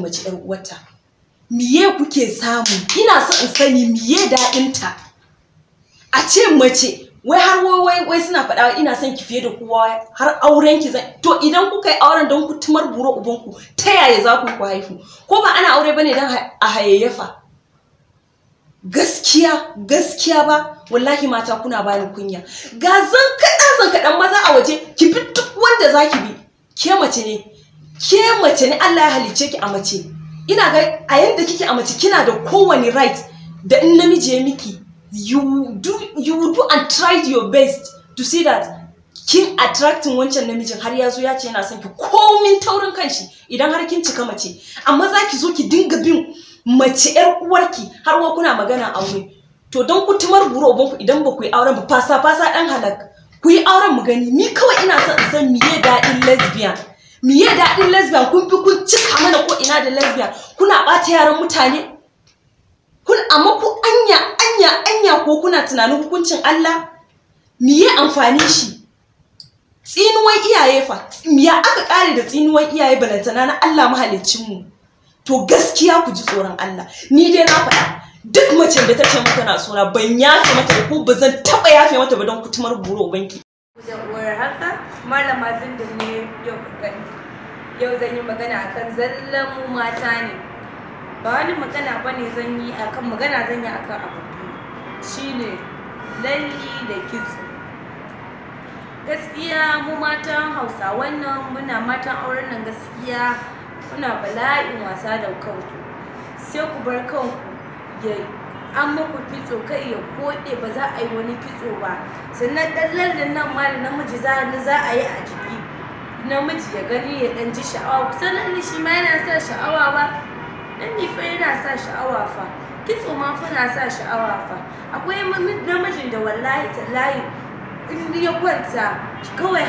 mace ɗan uwarta miye kuke samu ina so in sani miye daɗinta a ce mace wai har wai wai suna faɗa ina son ki fiye da kowa har auren ki zan to idan kuka yi auren don ku tumar buro ubanku ta yaya za ku ku haifu ko ba ana aure bane don a hayayyafa gaskiya gaskiya ba wallahi mata kuna bani kunya ga zan kaɗa zan kaɗan maza a waje ki fitu duk wanda za ki bi ke mace ne ke mace ne Allah ya halice ki a mace ina ga a yanda kike a mace kina da kowane right da in namiji ya miki you do you do and try your best to see that kin attracting wancan namijin har ya zo ya ce yana son ki komin taurin kanshi idan har kin cika mace amma za ki zo ki dinga bin mace yar uwarki har wa kuna magana aure to don ku tumar buru ubanku idan ba ku yi auren ba fasa fasa dan halak ku yi auren mu gani ni kawai ina son in san miye daɗin lesbian miye daɗin lesbian kun fi kun cika mana ko ina da lesbian kuna ɓata yaran mutane kun amma ku anya anya anya ko kuna tunanin hukuncin Allah miye amfani shi tsinuwan iyaye fa ya aka ƙare da tsinuwan iyaye balantana na Allah mu, to gaskiya ku ji tsoron Allah ni dai na faɗa duk macen da ta ce mata na tsora ban yafe mata da ku ba zan taɓa yafe mata ba don kutumar buru banki malama da ne yau gani yau zan yi magana akan zallan mu mata ne ba wani magana ba ne zan yi akan magana zan yi akan abu shine lalli da kitso gaskiya mu matan hausa wannan muna matan auren nan gaskiya muna bala'in wasa da kanku sai ku bar kanku ya an muku kitso kai ya koɗe ba za a yi wani kitso ba sannan ɗan lallin nan ma da namiji za a yi a jiki namiji ya gani ya ɗan ji sha'awa kusan ni shi ma yana sa sha'awa ba nan fa yana sa sha'awa fa kitso ma fa na sa sha'awa fa akwai namijin da wallahi tallahi in ya kwanta kawai